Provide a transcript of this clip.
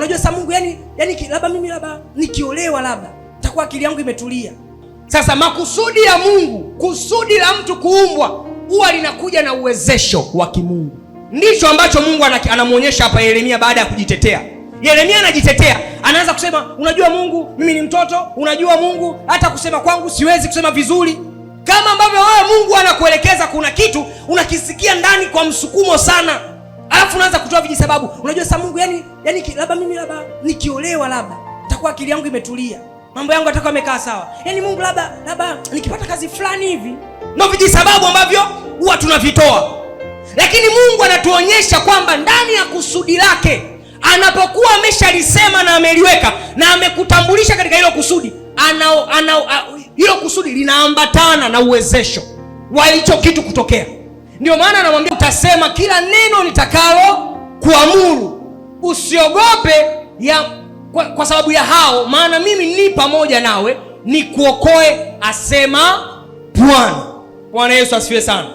Unajua sasa Mungu yani, yani labda mimi labda nikiolewa labda takuwa akili yangu imetulia. Sasa makusudi ya Mungu, kusudi la mtu kuumbwa huwa linakuja na uwezesho wa kimungu. Ndicho ambacho Mungu anamwonyesha hapa Yeremia baada ya kujitetea. Yeremia anajitetea, anaanza kusema unajua Mungu, mimi ni mtoto, unajua Mungu, hata kusema kwangu siwezi kusema vizuri. Kama ambavyo wewe Mungu anakuelekeza kuna kitu unakisikia ndani kwa msukumo sana alafu unaanza kutoa vijisababu. Unajua sa Mungu, yani yani labda mimi labda nikiolewa, labda takuwa akili yangu imetulia, mambo yangu atakuwa amekaa sawa. Yani Mungu, labda labda nikipata kazi fulani hivi, ndio vijisababu ambavyo huwa tunavitoa, lakini Mungu anatuonyesha kwamba ndani ya kusudi lake anapokuwa ameshalisema na ameliweka na amekutambulisha katika hilo kusudi ana, ana, hilo kusudi linaambatana na uwezesho wa hicho kitu kutokea. Ndio maana anamwambia utasema kila neno nitakalo kuamuru, usiogope ya kwa, kwa sababu ya hao, maana mimi ni pamoja nawe, ni kuokoe asema Bwana. Bwana Yesu asifiwe sana.